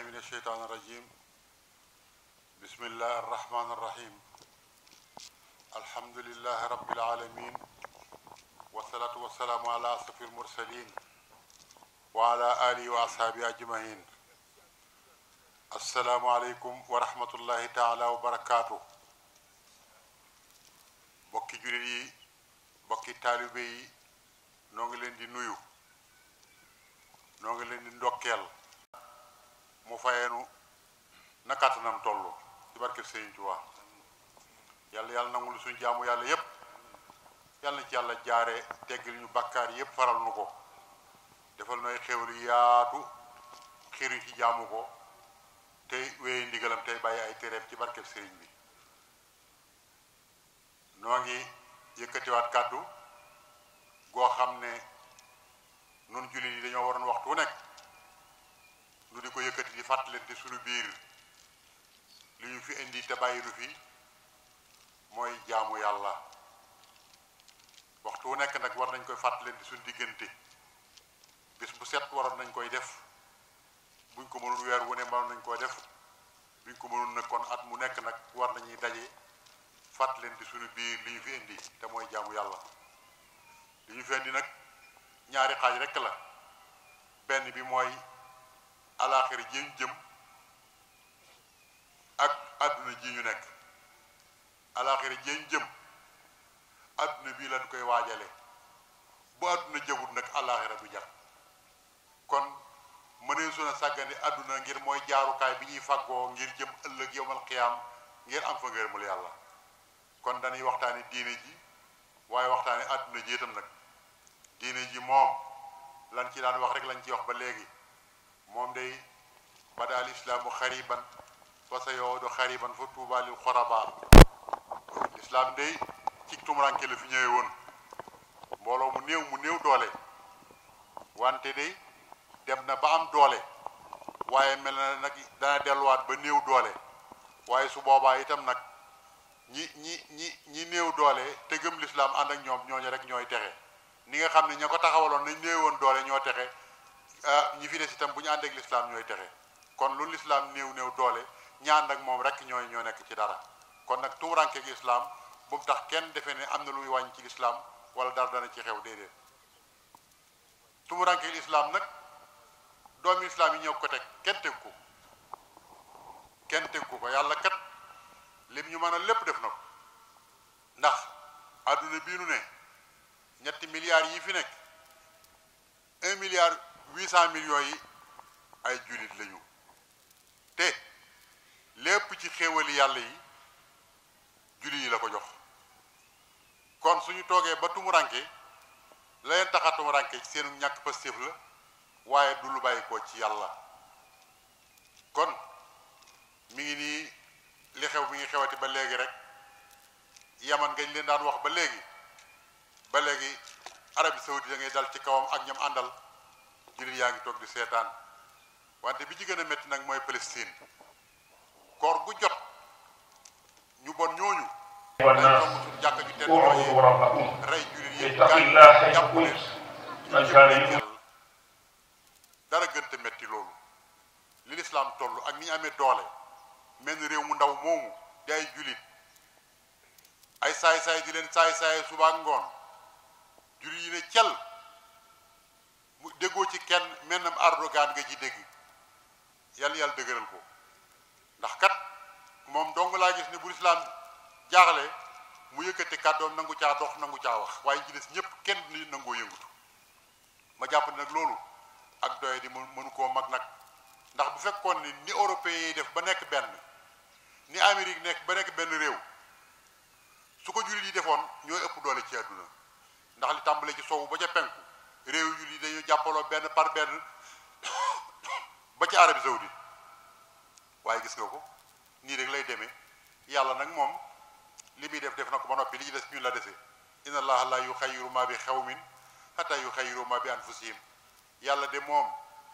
بالله من الشيطان الرجيم بسم الله الرحمن الرحيم الحمد لله رب العالمين والصلاة والسلام على أصف المرسلين وعلى آله وأصحابه أجمعين السلام عليكم ورحمة الله تعالى وبركاته بكي jullit بكي bokki taalibe دي نويو ngi دي نوكيال nuyu noo ngi mu fayeenu na kàttanam tollu ci barke Sëriñ Tuubaa yàlla yàlla nangul suñu jaamu yàlla yépp yàlla na ci yàlla jaare teggil ñu bàkkaar yépp faral nu ko defal nooy xéwal yaatu xiriñ ci jaamu ko tey wéy ndigalam tey bàyyi ay tereem ci barkeb sëriñ bi noo ngi yëkkatiwaat kàddu goo xam ne nun jullit yi dañoo waroon waxtu nekk lu di ko yëkkati di fàttalante suñu biir li ñu fi indi te bàyyi nu mooy jaamu yàlla waxtu wu nekk nag war nañ koy fàttalante suñu diggante bis bu set waroon nañ koy def buñ ko mënul weer wu ne mënoon nañ koy def buñ ko mënul nag at mu nekk nag war nañuy daje fàttalante suñu biir li ñu fi indi te mooy jaamu yàlla li ñu fi indi nag ñaari xaaj rekk la benn bi mooy. alaaxira ji jëm ak àdduna ji ñu nekk alaaxira ji jëm àdduna bii lañ koy waajale bu àdduna jëwut nag alaaxira bu jar kon mënee su na sàggane àdduna ngir mooy jaarukaay bi ñuy faggoo ngir jëm ëllëg yowmal xiyaam ngir am fa ngërëmul yàlla kon dañuy waxtaani diine ji waaye waxtaani àdduna ji itam nag diine ji moom lan ci daan wax rek lañ ci wax ba léegi moom day badaal islaamu xariban wa sa yowoodu xariban fa tuubaalil xorabaa lislaam day ci tumuranke la fi ñëwee woon mbooloo mu néew mu néew doole wante day dem na ba am doole waaye mel na nag dana delluwaat ba néew doole waaye su boobaa itam nag ñi ñi ñi ñi néew doole te gëm lislaam ànd ak ñoom ñooñu rek ñooy texe ni nga xam ne ña ko taxawaloon nañ woon doole ñoo texe ah ñi fi des itam bu ñu ànd ak lislaam ñooy texe kon lu lislaam néew néew doole ñaan ak moom rek ñoo ñoo nekk ci dara kon nag tuurankeeg lislaam bu tax kenn defee ne am na luy wàññi ci lislaam wala dara dana ci xew déedéet tuurankeeg lislaam nag doomi lislaam yi ñoo ko teg kenn teg ko kenn teg ko ko yàlla kat lim ñu man a lépp def na ko ndax àdduna bii nu ne ñetti milliards yi fi nekk un milliard huit cent millions yi ay jullit lañu te lépp ci xéewali yàlla yi jullit yi la ko jox kon suñu toogee ba tumuranke la leen tax a ci seenu ñàkk pastéef la waaye du lu bàyyi ko ci yàlla kon mu ngi nii li xew mi ngi xewati ba léegi rek yaman ngañ leen daan wax ba léegi ba léegi Arabie Saoudite da ngay dal ci kawam ak ñam àndal jullit yaa ngi toog di seetaan wante bi ci gën a nag mooy Palestine koor gu jot ñu bon ñooñu والناس ارعبوا ربكم metti loolu li lislaam toll ak ni amee doole mel réew mu ndaw moomu di ay julit ay saay-saay di leen saay-saay suba ak ngoon julit yi ne cel mu déggoo ci kenn mennam ardogan nga ci dégg yàlla yàlla dëgëral ko ndax kat moom dong laa gis ne bu lislaam jaaxle mu yëkkate kàddoom nangu caa dox nangu caa wax waaye ji des ñëpp kenn ni nangoo yëngutu ma jàpp ne nag loolu ak doye mu mënu koo mag nag ndax bu fekkoon ni ni européens yi def ba nekk benn ni Amérique nekk ba nekk benn réew su ko jullit yi defoon ñooy ëpp doole ci àdduna ndax li tàmbali ci soowu ba ca penku réew yu lii dañu jàppaloo benn par benn ba ci Arabie Saoudite waaye gis nga ko nii de lay deme yàlla nag moom li muy def def na ko ba noppi li ci des ñun la desee inna allaha la yuxayyiru ma bi xew yu hatta yuxayyiru ma bi fu anfusihim yàlla de moom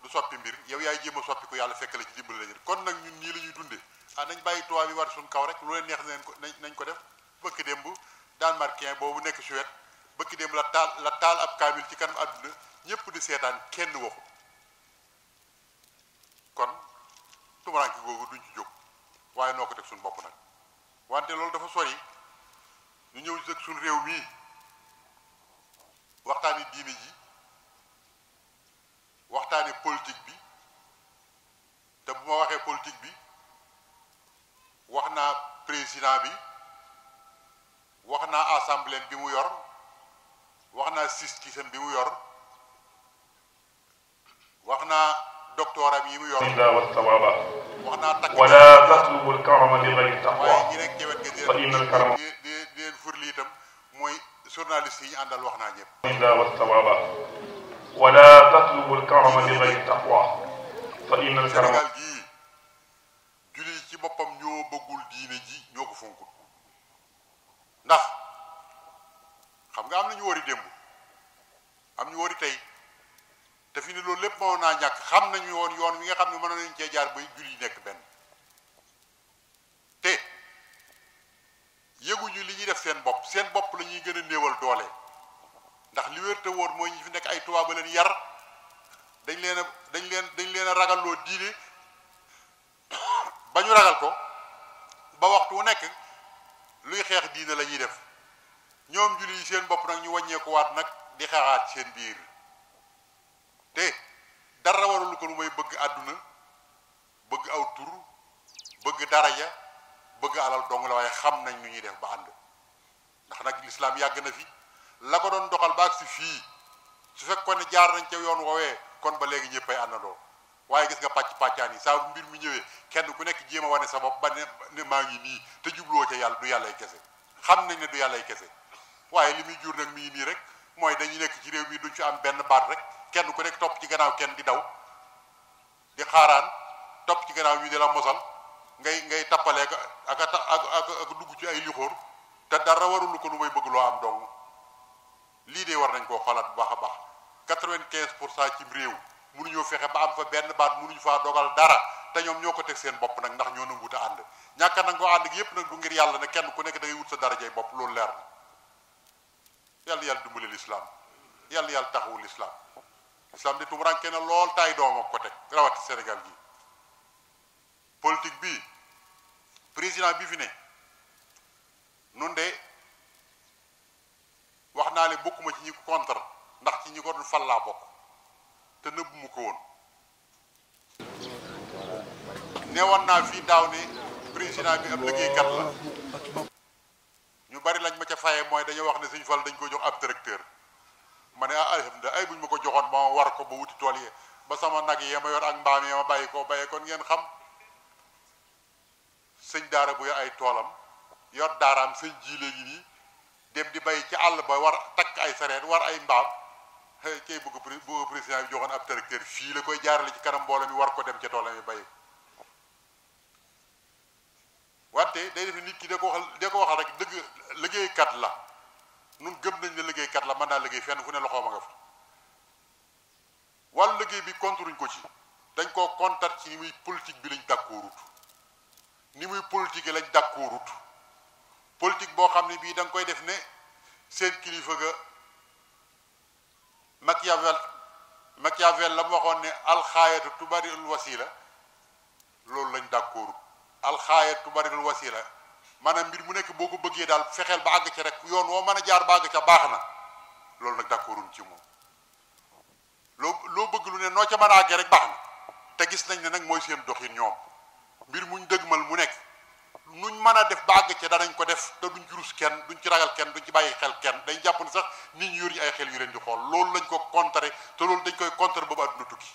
du soppi mbir yow yaay jéem a soppi ko yàlla fekk la ci dimbali lañu kon nag ñun nii la ñuy dunde ah nañ bàyyi tubaab bi war suñ kaw rek lu leen neex nañ ko nañ ko def bëkk démb Danemarkien boobu nekk Suède bëkk dem la taal la taal ab kaamil ci kanam àdduna ñëpp di seetaan kenn waxu kon tumuraanke googu duñ ci jóg waaye noo ko teg suñu bopp nag wante loolu dafa sori ñu ñëw ci suñu réew mii waxtaani diine ji waxtaani politique bi te bu ma waxee politique bi wax naa président bi wax naa assemblée bi mu yor wax naa système bi mu yor wax naa doctoram yi mu yor illa wasawaaba wax naa takk wala tatlubu alkarama li gayri taqwa waaye ñi nekk jewet nga fa inna alkarama di di leen furli itam mooy journaliste yi ñu àndal wax naa ñëpp illa wasawaaba wala tatlubu alkarama li gayri taqwa fa inna alkarama Sénégal gii julli ci boppam ñoo bëggul diine ji ñoo ko fonkul nga am na nañu wari démb am ñu wari tey te fi ne loolu lépp moo naa ñàkk xam nañu woon yoon wi nga xam ne mënoon nañu cee jaar buy julli nekk benn te yëguñu li ñuy def seen bopp seen bopp la ñuy gën a néewal doole ndax li wér te mooy ñu fi nekk ay tubaab ba leen yar dañ leen a dañ leen dañ leen a ragalloo diine ba ñu ragal ko ba waxtu wu nekk luy xeex diine lañuy def ñoom julli yi seen bopp nag ñu wàññeeku waat nag di xalaat seen biir te dara warul ko lu may bëgg àdduna bëgg aw tur bëgg dara ja bëgg alal dong la waaye xam nañ nu ñuy def ba ànd ndax nag lislaam yàgg na fi la ko doon doxal baag si fii su fekkoon ne jaar nañ ca yoon woowee kon ba léegi na àndandoo waaye gis nga pàcc pàccaan yi saa bu mbir mi ñëwee kenn ku nekk jéem a wane sa bopp ba ne maa ngi nii te jubloo ca yàlla du yàllay kese xam nañ ne du yàllay kese waaye li muy jur nag mi nii rek mooy dañu nekk ci réew mi duñ ci am benn bar rek kenn ku nekk topp ci gannaaw kenn di daw di xaaraan topp ci gannaaw ñu di la mosal ngay ngay tappalee ak ak ak ak dugg ci ay lixóor te dara warul ko lu may bëgg loo am dong lii de war nañ koo xoolaat bu baax a baax 95 pour cent ci réew mënuñoo fexe ba am fa benn baat mënuñu faa dogal dara te ñoom ñoo ko teg seen bopp nag ndax ñoo nanguwut a ànd ñàkk na nga ko ànd gi yëpp nag du ngir yàlla ne kenn ku nekk da ngay wut sa darajay bopp loolu leer na yàlla yàlla dimbali lislaam yàlla yàlla taxawu lislaam lislaam di tumuranke na lool taay doom ak ko teg rawati Sénégal gi politique bi président bi fi ne nun de wax naa ne bokkuma ci ñi ko contre ndax ci ñi ko doon fal laa bokk te nëbb ko woon newoon naa fii daaw ne président bi ab liggéeykat la lu bari lañ ma ca faye mooy dañoo wax ne suñ fal dañ ko jox ab tracteur ma ne ah ay buñ ma ko joxoon ma war ko ba wuti tool yee ba sama nag yee ma yor ak mbaam yee ma bàyyi koo bàyyi kon ngeen xam sëñ daara bu yor ay toolam yor daaraam sëñ jii léegi nii dem di bay ca àll ba war takk ay sareet war ay mbaam kay bu ko président bi joxoon ab tracteur fii la koy jaarale ci kanam mbooloo mi war ko dem ca toolam yi bàyyi ko wante day def ni nit ki da ko waxal da ko waxal rek dëgg liggéeykat la nun gëm nañ ne liggéeykat la man naa liggéey fenn fu ne loxoom a nga fa wàllu liggéey bi kontruñ ko ci dañ koo kontar ci ni muy politique bi lañ dàkkoorut ni muy politique lañ dàkkoorut politique boo xam ne bii danga koy def ne seen kilifa ga Machiavel Machiavel la mu waxoon ne alxaayatu tubaril wasila loolu lañ dàkkoorut alxaayat tu barilul wasila maanaam mbir mu nekk boo ko bëggee daal fexeel ba àgg ca rek yoon woo mën a jaar ba àgg ca baax na loolu nag d'accordum ci moom loo loo bëgg lu ne noo ca mën a àggee rek baax na te gis nañ ne nag mooy seen doxin ñoom mbir mu muñ dëgmal mu nekk nuñ mën a def ba àgg ca danañ ko def te duñ ci kenn duñ ci ragal kenn duñ ci bàyyi xel kenn dañ jàpp ne sax nit ñu yor ay xel yu leen di xool loolu lañ ko contrer te loolu dañ koy contrer boobu àdduna tukki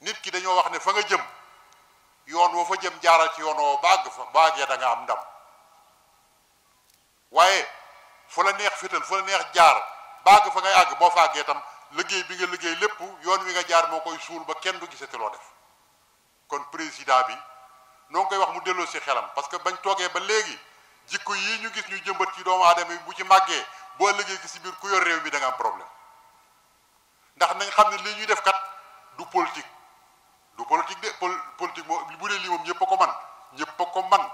nit ki dañoo wax ne fa nga jëm yoon woo fa jëm jaaral ci yoon woo bàgg fa bàggee àggee nga am ndam waaye foo la neex fétal foo la neex jaar bàgg fa ngay àgg boo fa àggee tam liggéey bi nga liggéey lépp yoon wi nga jaar moo koy suul ba kenn du gisati loo def kon président bi noo ngi koy wax mu delloo si xelam parce que bañ toogee ba léegi jikko yii ñu gis ñu jëmbat ci doomu aadama yi bu ci màggee boo liggéey gi si biir ku yor réew mi da nga am problème ndax nañ xam ne lii ñuy defkat kat du politique du politique de politique moom bu dee lii moom ñëpp a ko man ñëpp a ko man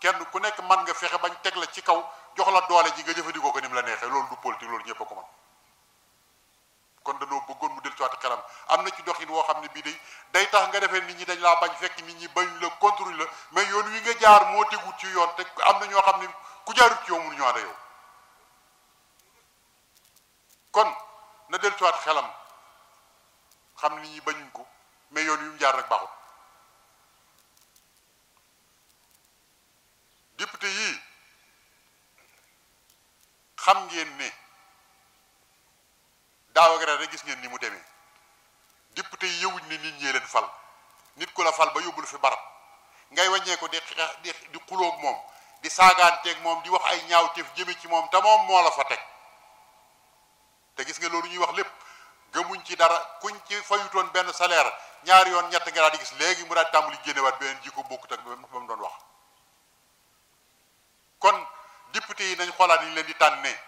kenn ku nekk man nga fexe bañ teg la ci kaw jox la doole ji nga jëfandikoo ko ni la neexee loolu du politique loolu ñëpp a ko man kon danoo bëggoon mu del siwaat xelam am na ci doxin woo xam ne bii day day tax nga defee nit ñi dañ laa bañ fekk nit ñi bañ la contrôle la mais yoon wi nga jaar moo tegut ci yoon te am na ñoo xam ne ku jaarut ci yow mënuñu ànd kon na del siwaat xelam xam ni ñi bañuñ ko mais yoon yu mu jaar nag baaxut député xam ngeen ne daaw ak ren rek gis ngeen ni mu demee député yi yëwuñ ne nit ñee leen fal nit ku la fal ba yóbbul fi barab ngay wàññee ko di di di xulóog moom di saagaanteeg moom di wax ay ñaawteef jëme ci moom te moom moo la fa teg te gis nga loolu ñuy wax lépp gëmuñ ci dara kuñ ci fayutoon benn salaire ñaar yoon ñett nga di gis léegi mu daal tàmbali génnewaat beneen jikko ba mu doon wax kon député yi nañ xoolaat ni leen di tànnee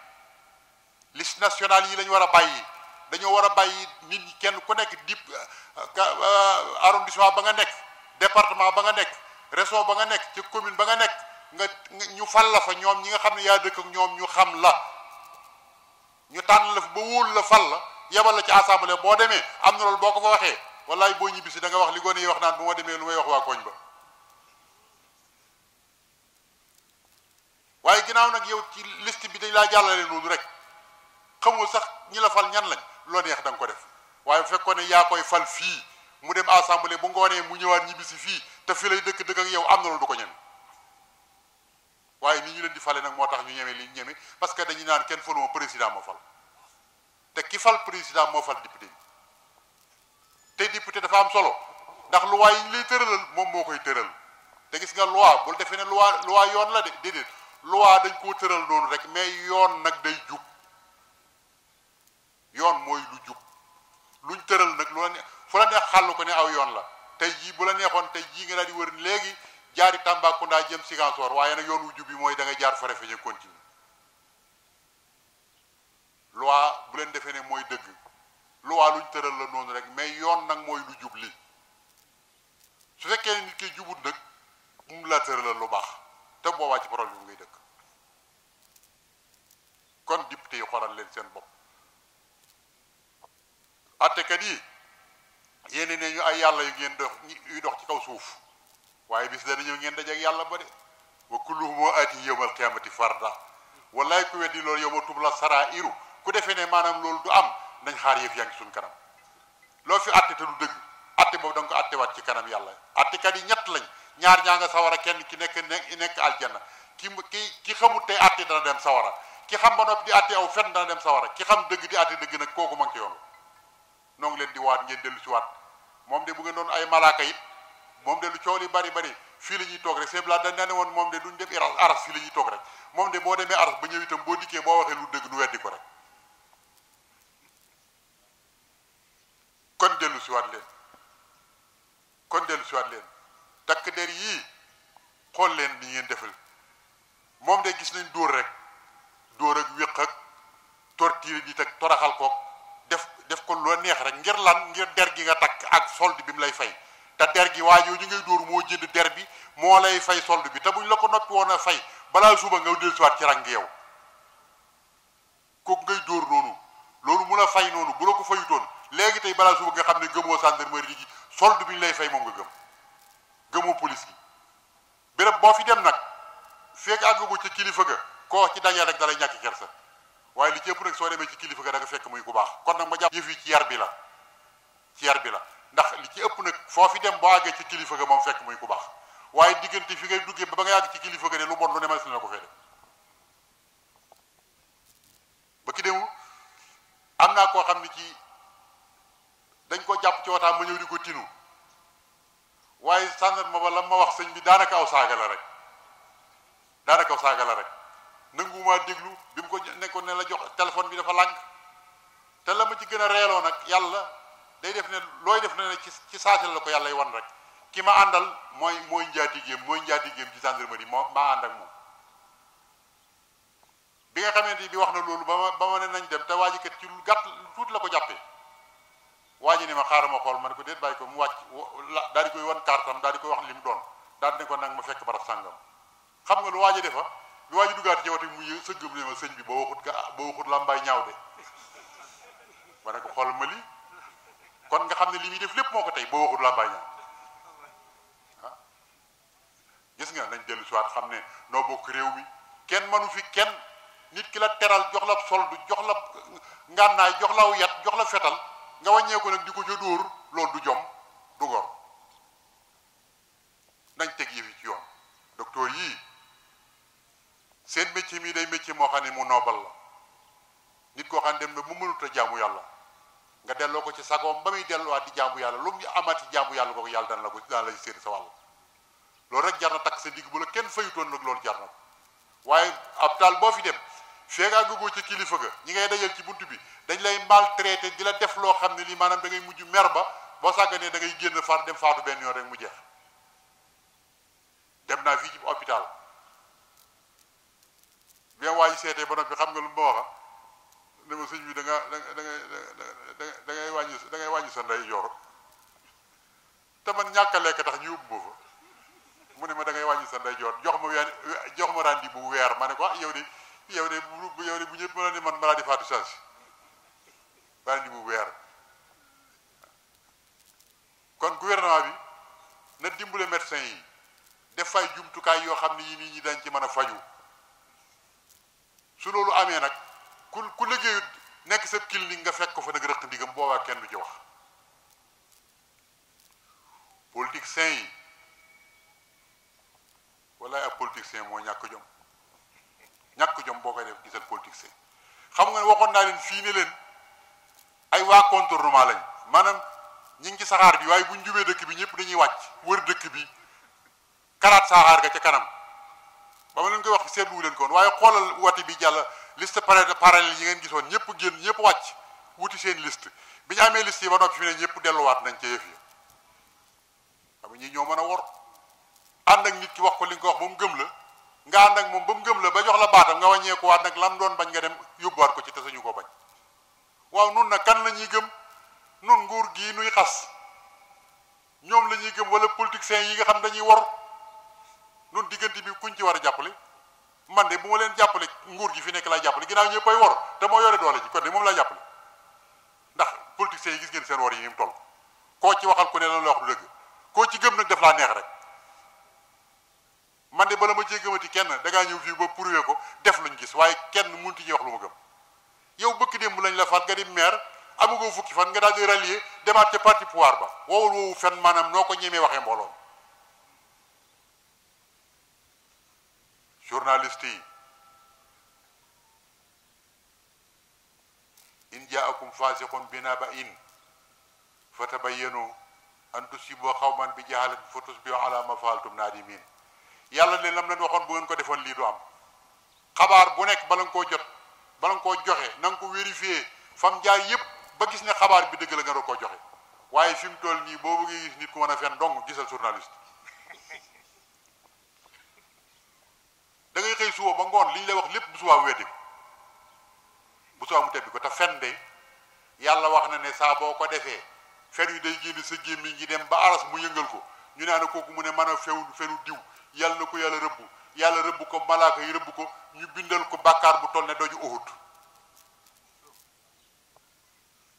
liste nationale yi lañ war a bàyyi dañoo war nit ñi kenn ku nekk dip euh, arrondissement ba nga nekk département ba nga nekk réseau ba nga nekk ci commune ba nga nekk nga ñu fal la fa ñoom ñi nga xam ne yaa dëkk ak ñoom ñu xam la ñu tànn la ba la fal la yebal la ci assemblée boo demee am na fa waxee wallahi boo ñibisi da nga wax li gone yi wax naan bu ma demee lu may wax waa koñ ba waaye ginaaw nag yow ci liste bi dañ laa jàllale noonu rek xamoo sax ñi la fal ñan lañ loo neex da nga ko def waaye fekkoon koy fal fii mu dem assemblée bu ngoonee mu ñëwaat ñibisi fii te fi lay dëkk dëkk ak yow am na loolu du ko ñeme waaye ni ñu leen di fale nag moo tax ñu ñeme li ñu ñeme parce que dañu naan kenn président moo fal te ki fal président moo fal député te député dafa am solo ndax loi yi ñu lay tëralal moom moo koy tëral te gis nga loi bul defe ne loi loi yoon la de déedéet loi dañ koo tëral noonu rek mais yoon nag day jub yoon mooy lu jub luñ tëral nag lu la ne fu la neex xàll ko ne aw yoon la te jii bu la neexoon te jii nga daal di wër léegi jaari Tambacounda jëm Ziguinchor waaye nag yoon wu jub yi mooy da nga jaar Farafeññe continue loi bu leen defee ne mooy dëgg. luwaa luñ tëral la noonu rek mais yoon nag mooy lu jubli su fekkee nit ki jubut nag mu la lu baax te wàcc ci problème ngay dëkk kon député yi xoolal leen seen bopp attekat yi yéene nee ñu ay yàlla yu ngeen dox yu dox ci kaw suuf waaye bis dana ñëw ngeen dajeek yàlla ba de wa kulluhum moo aati yawmal qiyaamati farda wallaay ku weddi loolu yow ma tub la saraa iru ku defee ne maanaam loolu du am nañ xaar yëf yaa ngi suñ kanam loo fi atté te du dëgg atté boobu da nga ko attewaat ci kanam yàlla yi ñett lañ ñaar ñaa sawara kenn ki nekk ineke nekk aljanna ki ki ki xamut tey dem sawara ki xam ba noppi di atté aw fenn dana dem sawara ki xam dëgg di atté dëgg nag kooku ma ngi yoon noo ngi leen di waat ngeen dellu si waat moom de bu ngeen doon ay malaaka it moom de lu coow li bari bari fii la ñuy toog rek c'est la dañ ne woon moom de duñ def aras fii la ñuy toog rek moom de boo demee aras ba ñëw itam boo dikkee boo waxee lu dëgg nu weddi ko rek kon dellu si waat leen kon dellu si waat leen takk der yii xool leen ni ngeen defal moom gis nañ rek ak ak toraxal ko def def ko loo neex rek ngir lan ngir der gi nga Tak ak solde bi mu lay fay te der gi waa yooyu ñu ngay dóor moo jënd der bi moo lay fay solde bi te buñ la ko noppi woon fay balaa suba nga dellu si waat ci rang yow kooku ngay dóor noonu loolu mu la fay bu la ko légui tay balaa suba nga xamné ne gëmoo gendarmerie ji solde bi lay fay moom nga gëm gëmoo police gi bërepp boo fi dem nag fekk àggu ci kilifa ga ko ci dañe rek dalay ñàkk kersa waaye li ci ëpp nag soo demee ci kilifa ga da nga fekk muy ku baax kon nag ma jàpp yëf yi ci yar bi la ci yar bi la ndax li ci ëpp nag foo fi dem boo àggee ci kilifa ga moom fekk muy ku baax waaye diggante fi ngay duggee ba ba ngay àgg ci kilifa ga de lu bon lu ne mas na ko fee ba ki démb am naa koo xam ne ci dañ ko jàpp ci wataam ma ñëw di ko tinu waaye sàngat ma ba la ma wax sëñ bi daanaka aw saaga la rek daanaka aw saaga la rek nangumaa déglu bi mu ko nekkoon ne la jox téléphone bi dafa lànk te la ma ci gën a reeloo nag yàlla day def ne looy def ne ci ci saasi la ko yàlla yi wan rek ki ma àndal mooy mooy njaatigéem mooy njaatigéem ci gendarmerie moo maa ànd ak moom bi nga xamante bi wax na loolu ba ma ba ma ne nañ dem te waa ji kat ci lu gàtt la ko jàppee waji ni ma xaaral ma xool ma ko deet bay ko mu wacc dal di koy won kartam dal di koy wax lim doon dal di ko nag ma fekk barap sangam xam nga lu waji defa lu waji dugaat ci wate muy ne ma señ bi bo waxut ka bo waxut lambay ñaaw de ma ko xol ma kon nga xamne limi def lepp moko tay bo waxut lambay ñaaw gis nga nañ delu ci wat ne no bok rew mi kenn manu fi kenn nit ki la teral jox la sol du jox la ngànnaay jox la yat jox la fetal nga wàññeeku nag di ko ca dóor loolu du jom du gor nañ teg yëf yi ci yoon docteur yii seen métier mii day métier moo xam ne mu noobal la nit koo xam ne dem na mu mënut a jaamu yàlla nga delloo ko ci sagoom ba muy delluwaat di jaamu yàlla lu mu amati jaamu yàlla kooku yàlla daan la ko daan lay séen sa wàll loolu rek jar na takk sa digg bu la kenn fayutoon nag loolu jar waaye ab taal boo fi dem feegaa nga ko ca kilifa ga ñi ngay dajal ci bunt bi dañ lay maltraité di la def loo xam ne lii maanaam da ngay mujj mer ba boo sàgganee da ngay génn far dem faatu benn yoon rek mu jeex dem naa fii ci hôpital bien waaye seetee ba noppi xam nga lu ma waxa ne ma sëñ bi da nga da nga da ngay wàññi da ngay wàññi sa ndey yor ta man ñàkk a lekk tax ñu yóbbu fa mu ne ma da ngay wàññi sa ndey yor jox ma weer jox ma rendi bu weer ko ah, yow yow de bu yow de bu ñëpp mën a ne man di faatu saa si bari di bu weer kon gouvernement bi na dimbale médecin yi def fay jumtukaay yoo xam ne yi nii ñi dañ ci mën a faju su loolu amee nag ku ku liggéeyut nekk sa clinique nga fekk ko fa nag rëq ndigam boobaa kenn du ci wax politicien yi walaay ab politicien moo ñàkk jom ñàkk ko jom boo koy def gisal politique sëñ xam nga ne waxoon naa leen fii ne leen ay waa contournement lañ maanaam ñi ngi ci saxaar bi waaye bu ñu jubee dëkk bi ñëpp dañuy wàcc wër dëkk bi karaat saxaar ga ca kanam ba ma leen wax seetlu wu waaye xoolal wati bi jàll liste parallèle yi ngeen gisoon ñëpp génn ñëpp wàcc wuti seen liste bi ñu amee liste yi ba noppi fi ne ñëpp delluwaat nañ ca yëf yi xam nga ñi ñoo mën a wor ànd ak nit ki wax ko li nga ko wax moom gëm la nga ànd ak moom ba mu gëm la ba jox la baatam nga wàññeekuwaat nag lam doon bañ nga dem yóbbuwaat ko ci te sañu ko bañ waaw nun nag kan la ñuy gëm nun nguur gii nuy xas ñoom la ñuy gëm wala politiciens yi nga xam dañuy wor nun diggante bi kuñ ci war a jàppale man de bu ma leen jàppale nguur gi fi nekk laay jàppale ginnaaw ñëppay wor te moo yore doole ji kon de moom laa jàppale ndax politiciens yi gis ngeen seen wor yi ni mu toll koo ci waxal ko ne la wax du koo ci gëm nag def laa neex rek man de bala ma cee gëmati kenn dangaa ñëw fii ba prouvé ko def luñ gis waaye kenn mënut ci wax lu ma gëm yow bëkk démb lañ la faat nga di maire amagoo fukki fan nga daal di rallier demaat ca parti pouvoir ba woowul woowu fenn maanaam noo ko ñemee waxee mbooloom journaliste yi in jaakum fasiqun bi naba'in fatabayyanu an tusibu xawman bi jahalatin fa tusbihu ala ma faaltum naadimin yàlla leen lam leen waxoon bu ngeen ko defoon lii du am xabaar bu nekk bala nga koo jot bala nga koo joxe na nga ko vérifier fam njaay yépp ba gis ne xabaar bi dëgg la nga doog koo joxe waaye fi mu toll nii boo bëggee gis nit ku mën a fen dong gisal ba ngoon li lay wax lépp bu subaa weddi bu subaa mu tebbi ko te fen de yàlla wax na ne saa boo ko defee fen yu day génn sa gémmiñ gi dem ba aras mu yëngal ko ñu naan kooku mu ne mën a fewu fenu diw yalla nako yalla rebb yalla rebb ko malaaka yi rebb ko ñu bindal ko bakkar bu toll ne doju uhud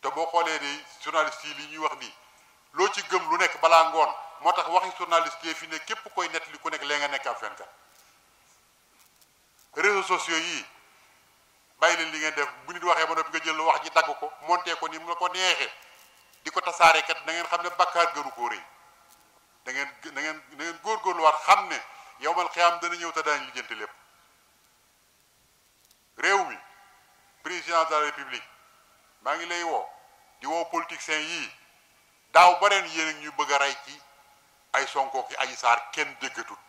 te bo xoolee ni journaliste yi li ñuy wax ni lo ci gëm lu nekk bala ngoon motax waxi journaliste yi fi ne kep koy nett li ku nekk le nga nekk afen ka réseaux sociaux yi bàyyi li ngeen def bu nit waxe mo noppi nga jël wax ji dag ko monté ko ni mu ko neexee diko tassaré kat da ngeen xamné bakkar bàkkaar ko reuy xiyaam dana ñëw te daañu lijjanti lépp réew mi président de la république maa ngi lay woo di woo politiciens yii daaw ba ren yéen ñuy bëgg a rey ci ay Sonko ki Adji Sarr kenn déggatut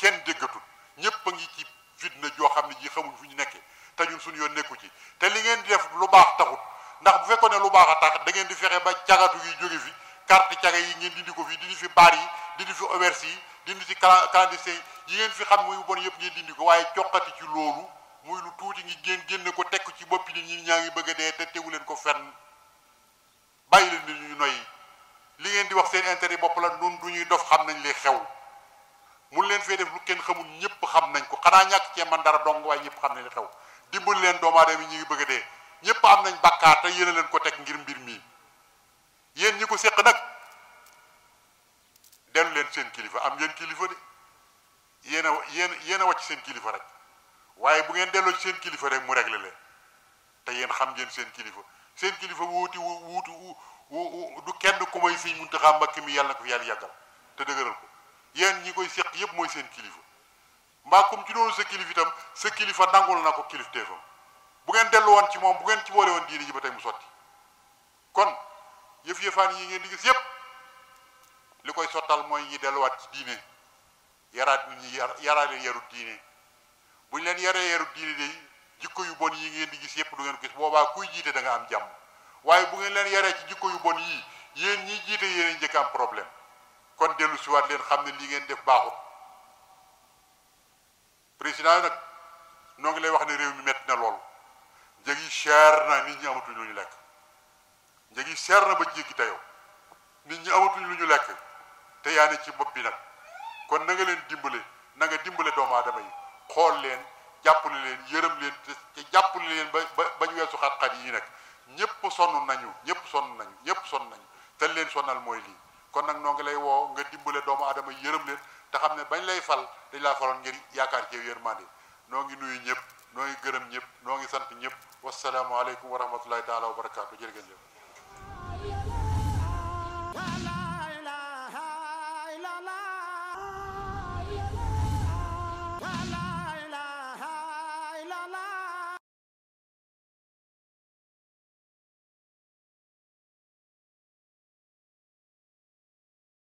kenn déggatut ñépp a ngi ci fitna joo xam ne ji xamuñ fu ñu nekkee te ñun suñu yoon nekku ci te li ngeen di def lu baax taxut ndax bu fekkoon ne lu baax a tax da ngeen di fexe ba cagatu gi jóge fi carte caga yi ngeen dindi ko fii dindi fi baar yi dindi fi auberge yi dindi fi clandestin yi ngeen fi xam muy bon yëpp ngeen dindi ko waaye coqati ci loolu muy lu tuuti ngi génn génn ko tekk ci boppi nit ñi ñaa ngi bëgg dee te tegu leen ko fenn bàyyi leen nit ñuy noyyi li ngeen di wax seen intérêt bopp la nun du ñuy dof xam nañ li xew mun leen fee def lu kenn xamul ñëpp xam nañ ko xanaa ñàkk cee man dara dong waaye ñëpp xam nañ li xew dimbali leen doomu aadama yi ñu ngi bëgg dee ñëpp am nañ bàkkaar te yéene leen ko teg ngir mbir mii yéen ñi ko séq nag dellu leen seen kilifa am njën kilifa de yéen a yéen yéen a wàcc seen kilifa rek waaye bu ngeen delloo ci seen kilifa rek mu réglé leen te yéen xam ngeen seen kilifa seen kilifa wuuti wuutu du kenn ku may Sëñ Muntaxa Mbakke mi yàlla ko fi yàlla yàggal te dëgëral ko yéen ñi koy séq yépp mooy seen kilifa mbaa comme ci sa kilifa itam sa kilifa nangul na ko kilif téefam bu ngeen dellu woon ci moom bu ngeen ci boole woon ba tey mu sotti kon yëf yëfaan yi ngeen di gis yépp li koy sottal mooy ñi delluwaat ci diine yaraat nit ñi yaraa leen yarut diine bu ñu leen yaree yarut diine day jikko yu bon yi ngeen di gis yépp du ngeen gis boobaa kuy jiite da nga am jàmm waaye bu ngeen leen yaree ci jikko yu bon yii yéen ñiy jiite yéen njëkk am problème kon dellu si waat leen xam ne li ngeen def baaxut président nag noo ngi lay wax ne réew mi metti na lool njëg yi cher na nit ñi amatuñ ñu lekk njëg yi seer na ba jéggi dayoo nit ñi amatuñ lu ñu lekk te yaa ci bopp bi nag kon na nga leen dimbale na nga dimbale doomu aadama yi xool leen jàppale leen yërëm leen te jàppale leen ba ba ñu weesu xat-xat yi nag ñëpp sonn nañu ñëpp sonn nañu ñëpp sonn nañu te leen sonnal mooy lii kon nag noo ngi lay woo nga dimbale doomu aadama yi yërëm leen te xam ne bañ lay fal dañ laa faloon ngir yaakaar ci yërmande noo ngi nuyu ñëpp noo ngi gërëm ñëpp noo ngi sant ñëpp wasalaamualeykum wa rahmatullahi taala wa barakaatu jëf